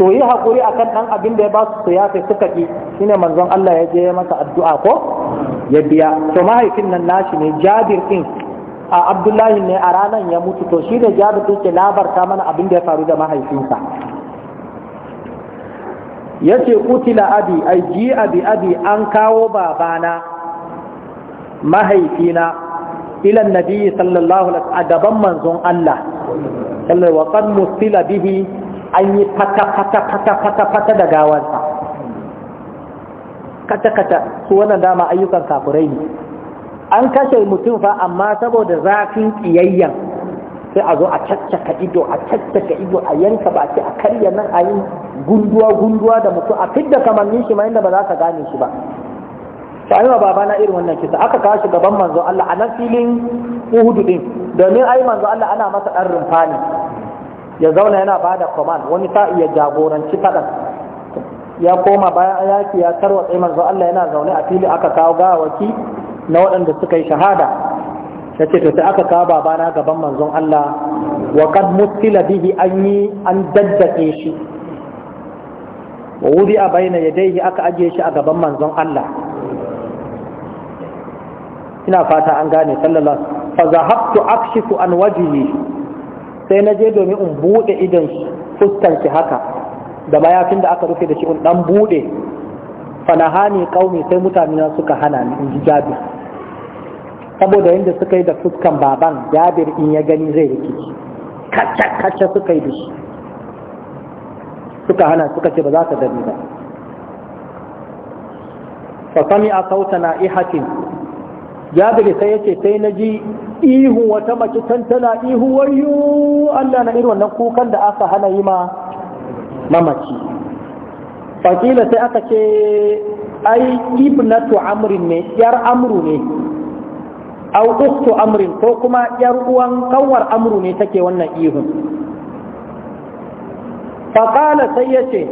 to yi haƙuri akan ɗan abin da ya ba su su yafe suka ƙi shine manzon Allah ya je masa addu'a ko ya biya to mahaifin nan nashi ne Jabir din a Abdullahi ne a ranar ya mutu to shi da Jabir din ke labarta mana abin da ya faru da mahaifinsa yace kutila abi ai ji abi abi an kawo babana mahaifina ilan nabi sallallahu alaihi a gaban manzon Allah sallallahu wa qad mustila bihi an yi fata fata fata fata fata da gawansa kata kata su wannan dama ayyukan kafurai ne an kashe mutum fa amma saboda zafin kiyayyan sai a zo a caccaka ido a caccaka ido a yanka baki a karya nan a yi gunduwa gunduwa da mutum a fidda kamannin shi ma inda ba za ka gane shi ba Sai wa babana irin wannan kisa aka kawo shi gaban manzo Allah a nan filin Uhudu din domin ai manzo Allah ana masa dan rumfa ya zauna yana ba da command wani ta iya jagoranci faɗan ya koma bayan yaki ya tarwatsa manzo Allah yana zaune a fili aka kawo gawaki na waɗanda suka yi shahada ya ce to sai aka kawo babana gaban manzon Allah wa kad mutila bihi an yi an daddake shi wa wudi a bayna yadayhi aka ajiye shi a gaban manzon Allah ina fata an gane sallallahu fa zahabtu akshifu an wajhihi sai na je domin in buɗe idan fuskanci haka da mayafin da aka rufe da shi in dan buɗe fanahani kaumi sai mutane na suka hana ni in ji jabi saboda yadda suka yi da fuskan baban jabir in ya gani zai rikici kacce-kacce suka yi da shi suka hana suka ce ba za ta dami ba fa sami a sauta na ihatin jabiri sai yace sai na ji ihu wata mace can tana ihu wayo Allah na irin wannan kukan da aka hana yi ma mamaci fakila sai aka ce ai ibnatu amrin ne yar amru ne au ukhtu amrin ko kuma yar uwan kawar amru ne take wannan ihun fakala sai yace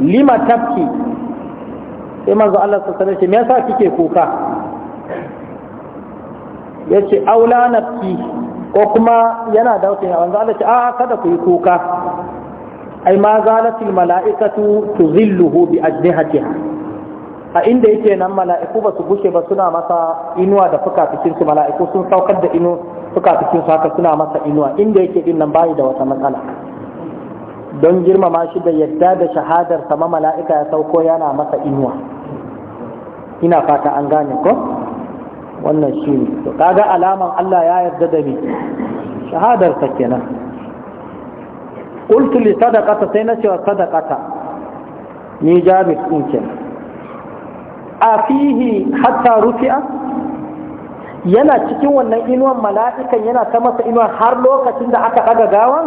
lima tabki, sai manzo Allah sallallahu alaihi wasallam me yasa kike kuka Ya ce aula fi ko kuma yana wata yawan zala ce a kada ku yi kuka ai ma zalatil mala'ikatu tuzilluhu bi ajnihatiha a inda yake nan mala'iku ba su gushe ba suna masa inuwa da fukafikin su mala'iku sun saukar da inu fukafikin su haka suna masa inuwa inda yake din nan bayi da wata matsala don girmama shi da yadda da shahadar sama mala'ika ya sauko yana masa inuwa ina fata an gane ko wannan shi ne to kaga alaman Allah ya yarda da ni shahadar ta kenan qultu li sadaqata sai na cewa sadaqata ni jabir din kenan a fihi hatta rufi'a yana cikin wannan inuwan mala'ikan yana ta masa inuwan har lokacin da aka daga gawan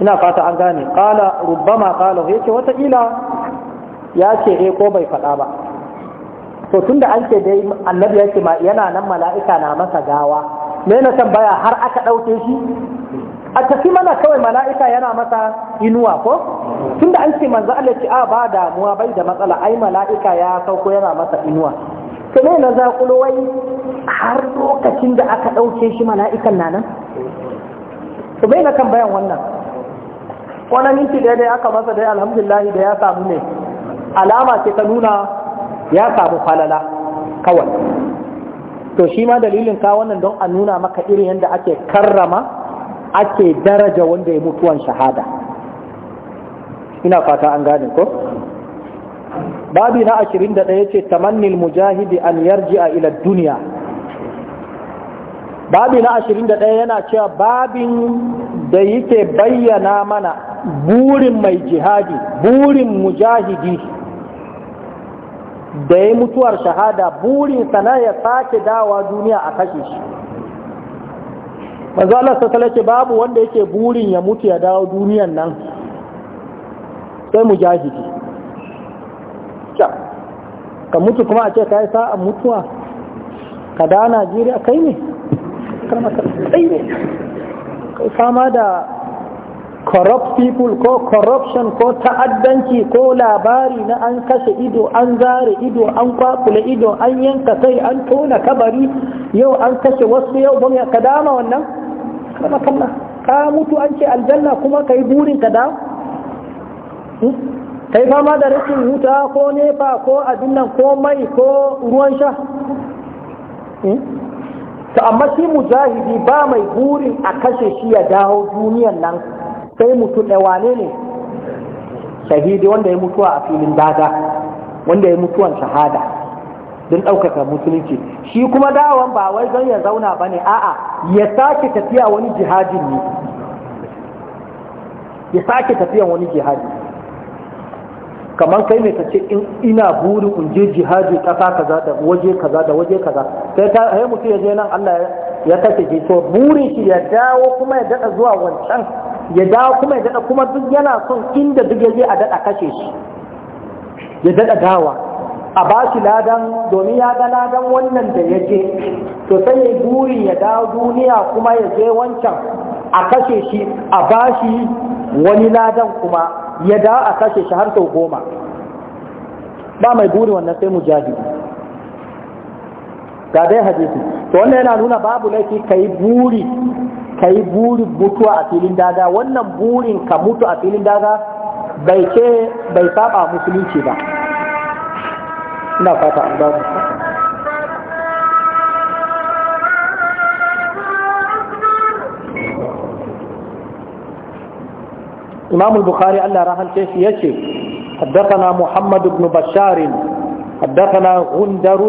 ina fata an gane qala rubbama qala yace wata ila ya ce eh ko bai faɗa ba to da an ce dai annabi ya ce yana nan mala'ika na masa gawa me na tambaya har aka ɗauke shi a tafi mana kawai mala'ika yana masa inuwa ko Tun da an ce manzo Allah ce a ba damuwa bai da matsala ai mala'ika ya sauko yana masa inuwa to me na zakulo wai har lokacin da aka ɗauke shi mala'ikan na nan to me na kan bayan wannan kwanan minti daidai aka masa dai alhamdulillah da ya samu ne alama ce ta nuna ya samu falala kawai to shi ma dalilin ka wannan don a nuna maka irin yadda ake karrama ake daraja wanda ya mutuwan shahada ina fata an gane ko babi na 21 ce tamannin mujahidi an a ila duniya babi na 21 yana cewa babin da yake bayyana mana burin mai jihadi burin mujahidi da ya mutuwar shahada burinsa na ya sake dawa duniya a kashe shi manzo Allah ce babu wanda yake burin ya mutu ya dawo duniyan nan sai mu mujahidi ka mutu kuma a ce ka yi sa'a mutuwa ka da Najeriya kai ne kai ne kai fama da corrupt people ko corruption ko ta'addanci ko labari na an kashe ido an zare ido an kwakule ido an yanka kai an tona kabari yau an kashe wasu yau bamu ya ka dama wannan kama kama ka mutu an ce aljanna kuma ka yi burin ka da hmm? kai fama da rashin wuta ko nefa ko abin nan ko mai ko ruwan sha hmm? to amma shi mujahidi ba mai burin a kashe shi ya dawo duniyan nan sai mutu wane ne shahidi wanda ya mutuwa a filin daga wanda ya mutuwan shahada don ɗaukaka musulunci shi kuma dawon ba wai don ya zauna ba ne a'a ya sake tafiya wani jihadin ne ya sake tafiya wani jihadi kamar kai mai tace ina burin in je jihadi ƙasa kaza da waje kaza da waje kaza sai ta hayi mutum ya je nan Allah ya kace ji to burin shi ya dawo kuma ya daɗa zuwa wancan ya dawo kuma ya daɗa kuma duk yana son inda duk ya je a daɗa kashe shi ya daɗa dawa a ba shi ladan domin ya ga ladan wannan da ya je to sai ya buri ya dawo duniya kuma ya je wancan a kashe shi a ba shi wani ladan kuma ya dawo a kashe shi har sau goma ba mai buri wannan sai mu mujahidi ga dai hadisi to wannan yana nuna babu laifi ka buri ka yi burin mutuwa a filin daga wannan burin ka mutu a filin daga bai ce bai saba musulunci ba ina fata an gano imam al-bukhari Allah rahalce shi yace حدثنا محمد بن بشار حدثنا غندر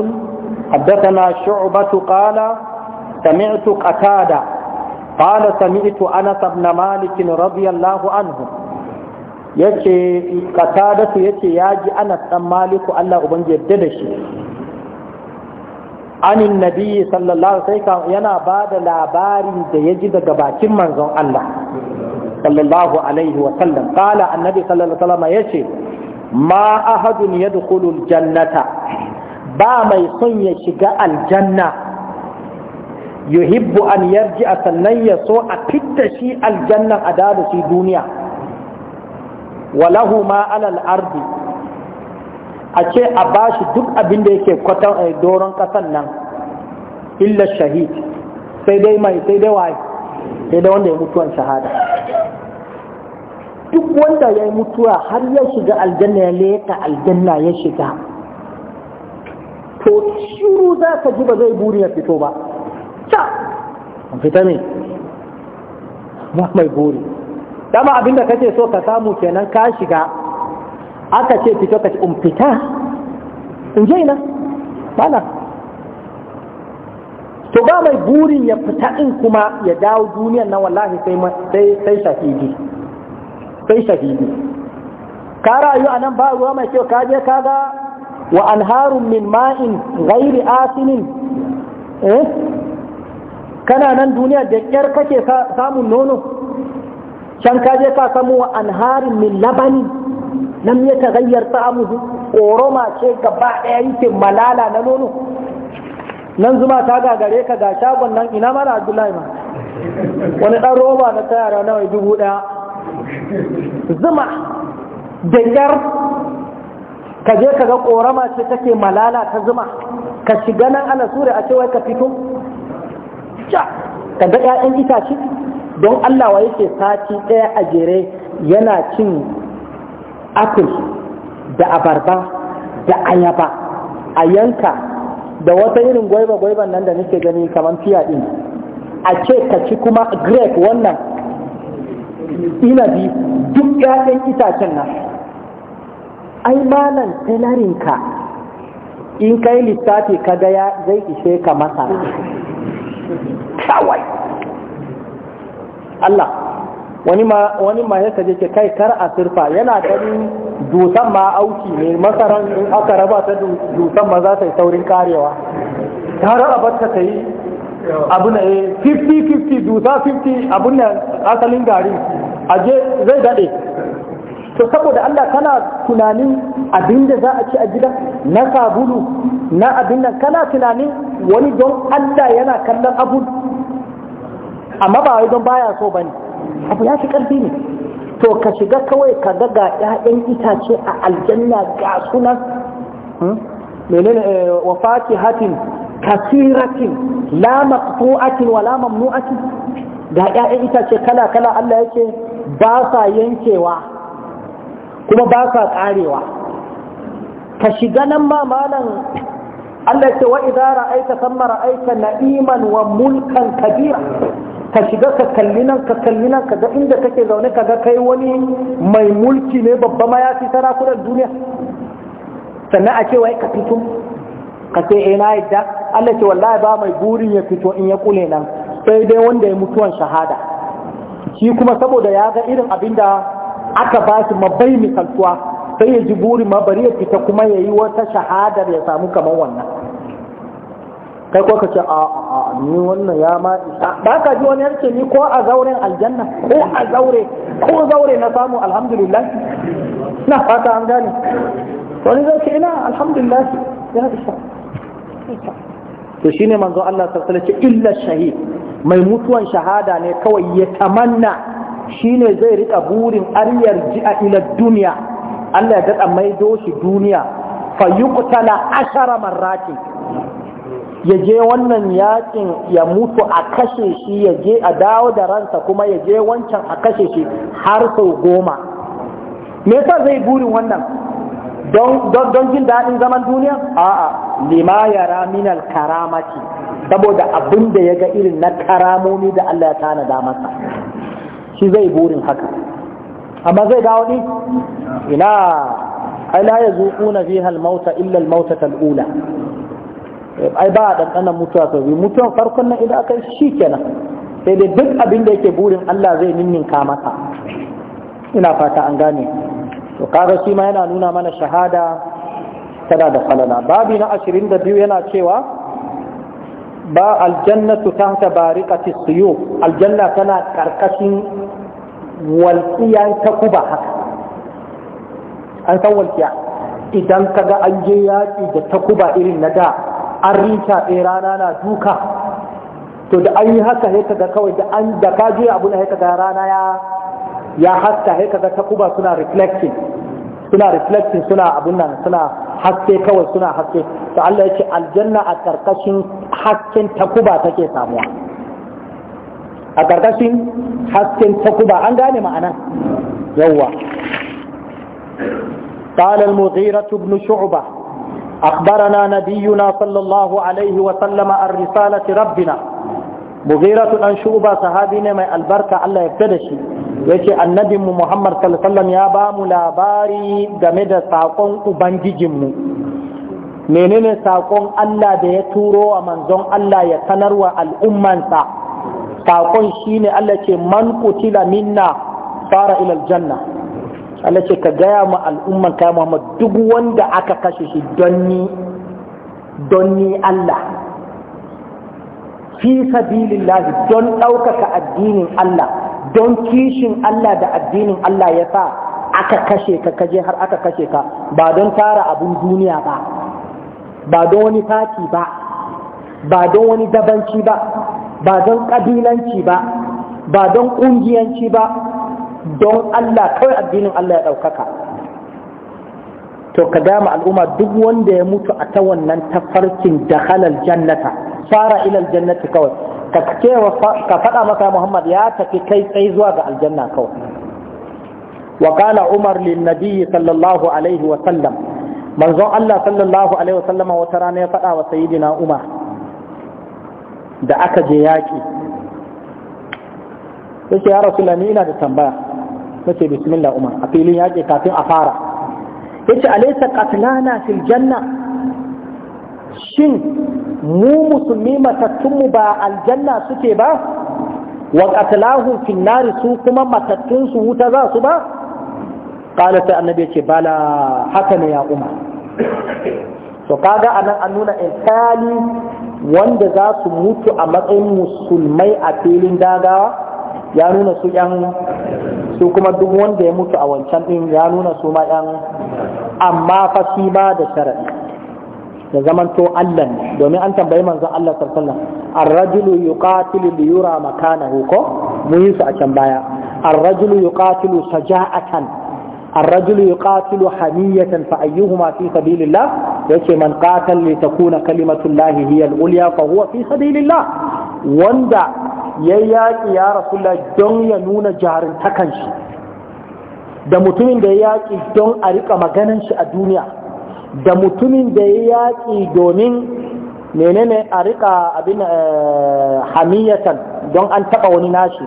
حدثنا شعبة قال سمعت قتاده قال سمعت أنس بن مالك رضي الله عنه yace katadatu yace yaji Anas dan Maliku Allah ubangi yadda da shi anin nabi sallallahu alaihi wasallam yana ba da labarin da ya ji daga bakin manzon Allah sallallahu alaihi wa wasallam qala annabi sallallahu alaihi wasallam yace ma ahadun yadkhulul jannata ba mai son ya shiga aljanna yuhibbu an yarji a sannan ya so a fitta shi aljannan a dada shi duniya walahu ma alal ardi a ce a bashi duk abin da yake kwatan eh, doron kasan nan illa shahid sai dai mai sai dai waye sai dai wanda ya mutuwan shahada duk wanda ya yi mutuwa har ya shiga aljanna ya leta aljanna ya shiga to shiru za ka ji ba zai buri ya fito ba an fita ne ba mai buri dama abinda kace so ka samu kenan ka shiga aka ce fito ka ce in um, fita in je ina bala to ba mai burin ya fita in kuma ya dawo duniyan nan wallahi sai sai shahidi sai shahidi ka rayu a nan ba ruwa mai kyau ka je ka ga wa anharun min ma'in ghairi asinin eh kana nan duniya da ƙyar kake samun nono can ka je ka samu wa anharin min labani nan ya tagayyar ta'amuhu koroma ce gaba ɗaya yake malala na nono nan zuma ta gagare ka ga shagon nan ina mana abdullahi ma wani ɗan roba na tayara nawa dubu ɗaya zuma da ƙyar ka je ka ga korama ce take malala ta zuma ka shiga nan ana sura a cewa ka fito ja ka ga 'ya'yan itace don Allah wa yake sati ɗaya a jere yana cin apple da abarba da ayaba a yanka da wata irin gwaiba-gwaiban nan da nake gani kamar fiya ɗin a ce ka ci kuma grape wannan inabi duk 'ya'yan itacen nan ai malan salarinka in kai lissafi kaga ya zai ishe ka masara shawai Allah wani ma wani ma ya kaje kai kar a sirfa yana ganin dusan ma auki ne masaran in aka raba ta dusan ma za ta yi saurin karewa tare a batta ta yi abu na 50-50 dutsa 50 abu na asalin garin aje zai dade to saboda Allah kana tunanin abin da za a ci a gida na sabulu na abin nan kana tunanin wani don Allah yana kallon abu amma ba wai don baya so bane abu ya fi karfi ne to ka shiga kawai ka ga ga ƴaƴan itace a aljanna ga sunan hmm? menene eh, wa fatihatin kasiratin la maqtu'atin wa la mamnu'atin ga ƴaƴan itace kala kala Allah yake ba sa yankewa kuma ba sa karewa ka shiga nan ma malam Allah ce wa idza ra'aita thumma ra'aita na'iman wa mulkan kabira ka shiga ka kalli nan ka kalli nan ka ga inda kake zaune ka ga kai wani mai mulki ne babba ma ya fi sarakunan duniya sannan a ce wai ka fito ka ce eh na yadda Allah ce wallahi ba mai burin ya fito in ya kule nan sai dai wanda ya mutuwan shahada shi kuma saboda ya ga irin abin da aka ba shi mabai misaltuwa sai ya ji burin ma bari ya fita kuma ya yi wata shahadar ya samu kamar wannan kai ko ka ce a a ni wannan ya ma ba ka ji wani yarce ni ko a zauren aljanna ko a zaure ko zaure na samu alhamdulillah na fata an gane wani zai ce ina alhamdulillah ya isa to shine manzo Allah sallallahu alaihi wasallam illa shahid mai mutuwan shahada ne kawai ya tamanna shine zai rika burin aryar ji'a ila duniya Allah ya daɗa maido shi duniya fa yuqtala ashara marratin ya je wannan yakin ya mutu a kashe shi ya je a dawo da ransa kuma ya je wancan a kashe shi har sau goma me yasa zai burin wannan don jin daɗin zaman duniya a'a lima yara minal karamati saboda abin da ya ga irin na karamomi da Allah ya tanada masa shi zai burin haka amma zai dawo ni ina ala yazuquna fiha al-mauta illa al-mautata ula ai ba a ɗanɗanan mutuwa sau mutuwan farkon nan idan aka shi kenan sai dai duk abin da yake burin Allah zai ninninka masa ina fata an gane to kaga shi ma yana nuna mana shahada tana da falala babi na ashirin da biyu yana cewa ba ta bari bariqati siyo. aljanna tana karkashin walqiyan takuba haka an san walƙiya. idan kaga an je yaki da takuba irin na da an rinca ɗaya rana na duka to da an yi haka sai kaga kawai da an da ka juya abu na sai kaga rana ya ya haska sai kaga takuba suna reflecting suna reflecting suna abun nan suna haske kawai suna haske to Allah ya ce aljanna a karkashin hasken takuba take samuwa a karkashin hasken takuba an gane ma'ana yawwa قال المغيرة بن شعبة أخبرنا نبينا صلى الله عليه وسلم عن رسالة ربنا مغيرة عن شعبة صحابين من البركة الله يفتدشي yace annabin mu Muhammad sallallahu alaihi wasallam ya ba mu labari game da sakon ubangijin mu menene sakon Allah da ya turo wa manzon Allah ya sanarwa al'ummansa sakon shine Allah ce man qutila minna fara ilal janna? Allah ce ka gaya ma al'umman ka Muhammad duk wanda aka kashe shi don ni Allah fi sabilillah don ɗaukaka addinin Allah don kishin Allah da addinin Allah ya sa aka kashe ka kaje har aka kashe ka ba don tara abun duniya ba ba don wani fati ba ba don wani dabanci ba ba don ƙabilanci ba ba don ƙungiyanci ba don Allah kawai addinin Allah ya ɗaukaka to ka dama al'umma duk wanda ya mutu a ta wannan tafarkin da halal jannata fara ilal jannati kawai ka faɗa maka Muhammad ya tafi kai tsaye zuwa ga aljanna kawai wa qala Umar lin nabiy sallallahu alaihi wa sallam manzon Allah sallallahu alaihi wa sallama wata rana ya faɗa wa sayyidina Umar da aka je yaki yace ya rasulani ina da tambaya nace bismillah umar a filin yaƙi kafin a fara yace alaysa qatlana fil janna shin mu musulmi matattunmu ba aljanna suke ba wa qatlahu fil nar su kuma matattun su wuta za su ba qala sai annabi yace bala haka ne ya umar to kaga anan an nuna insani wanda za su mutu a matsayin musulmai a filin dagawa ya nuna su yan su kuma duk wanda ya mutu a wancan din ya nuna su ma yan amma fa shi ba da sharadi ya zamanto Allah ne domin an tambayi manzon Allah sallallahu alaihi wasallam ar-rajulu yuqatilu li yura makanahu ko su a can baya ar-rajulu yuqatilu saja'atan ar-rajulu yuqatilu hamiyatan fa ayyuhuma fi sabilillah yace man qatal li takuna kalimatullahi hiya al-ulya fa huwa fi sabilillah wanda ya yaƙi ya la don ya nuna jarin shi da mutumin da ya yaƙi don a riƙa maganan shi a duniya da mutumin da ya yaƙi domin menene a riƙa abin eh, hamiyatan don an taɓa wani nashi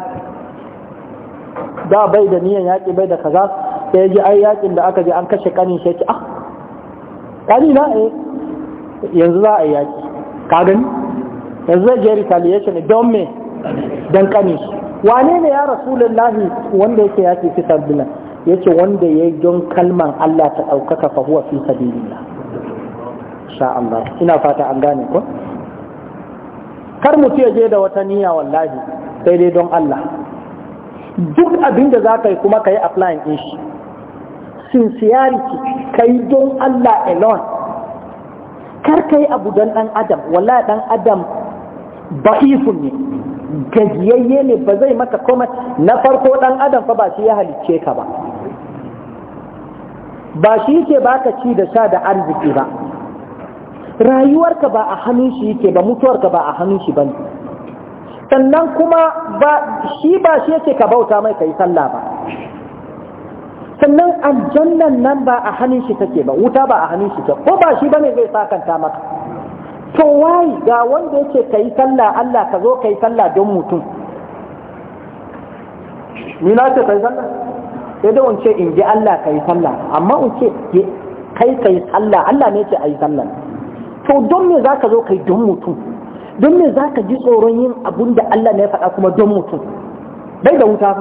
da bai da niyan yaƙi bai da kaza sai ji ai yaƙin da aka je an kashe ƙanin shi ah ƙani na eh yanzu za a yi yaƙi ka gani yanzu zai je retaliation don me dan kane shi wane ne ya rasulullahi wanda yake yaki fi Ya yace wanda yi don kalman Allah ta daukaka fa huwa fi sabilillah insha Allah ina fata an gane ko kar mu ya je da wata niyya wallahi sai dai don Allah duk abin da za ka yi kuma ka yi applying din shi sincerity ka yi don Allah alone kar ka yi abu don ɗan adam wallahi ɗan adam ba'ifun ne gajiyayye ne ba zai maka komai na farko dan adam fa ba shi ya halicce ka ba ba shi yake baka ci da sha da arziki ba rayuwarka ba a hannun shi yake ba mutuwarka ba a hannun shi bane sannan kuma ba shi ba shi yake ka bauta mai kai sallah ba sannan aljannan nan ba a hannun shi take ba wuta ba a hannun shi ta ko ba shi bane zai sakanta maka to wai ga wanda yake kai sallah Allah ka zo kai sallah don mutum ni na ce kai sallah sai da wance in ji Allah kai sallah amma in ce kai kai sallah Allah ne ce ai sallah to don me zaka zo kai don mutum don me zaka ji tsoron yin abun da Allah ne ya faɗa kuma don mutum bai da wuta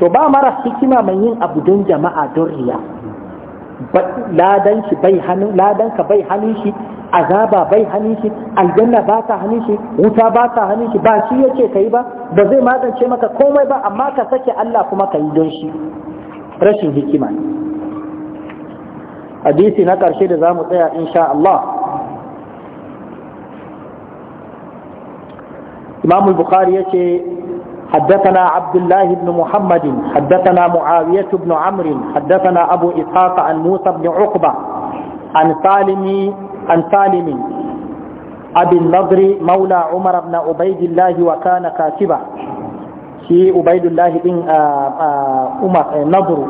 to ba mara hikima mai yin abu don jama'a don riya ladan shi bai hannun ladan ka bai hannun shi azaba bai hannun shi aljanna ba ta hannun shi wuta ba ta hannun shi ba shi yace kai ba ba zai magance maka komai ba amma ka sake Allah kuma ka yi don shi rashin hikima hadisi na karshe da zamu tsaya insha Allah Imam al-Bukhari yace حدثنا عبد الله بن محمد حدثنا معاوية بن عمرو حدثنا أبو إسحاق عن موسى بن عقبة عن سالم عن سالم أبي النضر مولى عمر بن عبيد الله وكان كاتبا في عبيد الله بن آه، آه، عمر آه، نضر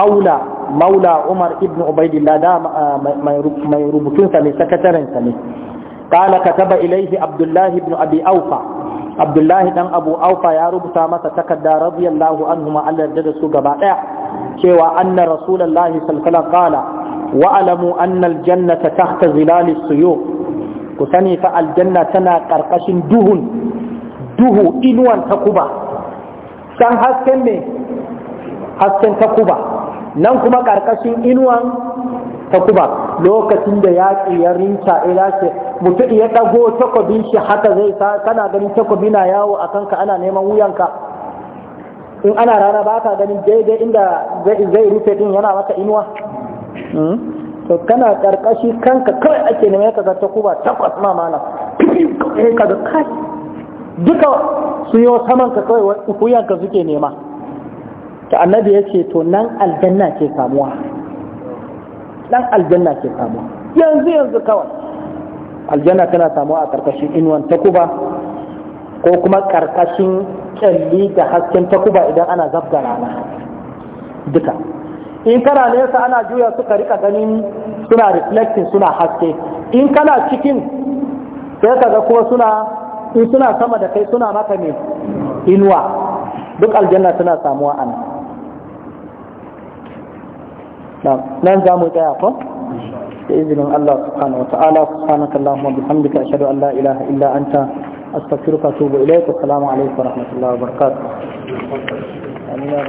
مولى مولى عمر بن عبيد الله دا ما يربطون سنة سكترين سنة قال كتب إليه عبد الله بن أبي أوفى abdullahi dan abu aufa ya rubuta masa takarda radiyallahu anhu ma Allah da su gaba daya cewa anna rasulullahi sallallahu alaihi wasallam qala wa alamu anna aljannata tahta zilali suyu ku sani fa aljanna tana karkashin duhun duhu inuwan takuba san hasken me hasken takuba nan kuma karkashin inuwan Ta kuba lokacin da yaƙi ya rinta ila ce mutum ya ɗago takobin shi haka zai sa kana ganin takobi na yawo a kanka ana neman wuyanka in ana rana ba ka ganin daidai inda zai rufe din yana maka inuwa hmm? to kana ƙarƙashi kanka kawai ake neman ya ga takuba takwas ma mana duka su yi saman ka kawai wuyanka suke nema ta annabi ya ce to nan aljanna ke samuwa dan aljanna ke samu yanzu yanzu kawai aljanna tana samu a karkashin inuwan takuba ko kuma karkashin kyalli da hasken takuba idan ana zabda rana duka in kana nesa ana juya suka rika ganin suna reflecting suna haske in kana cikin sai ga kuma suna in suna sama da kai suna maka ne inuwa duk aljanna tana samuwa a nan nan za mu tsaya ko da izinin Allah subhanahu wa subhanaka Allahumma bihamdika ashhadu an la ilaha illa anta astaghfiruka wa atubu ilayk assalamu alaikum wa rahmatullahi wa barakatuh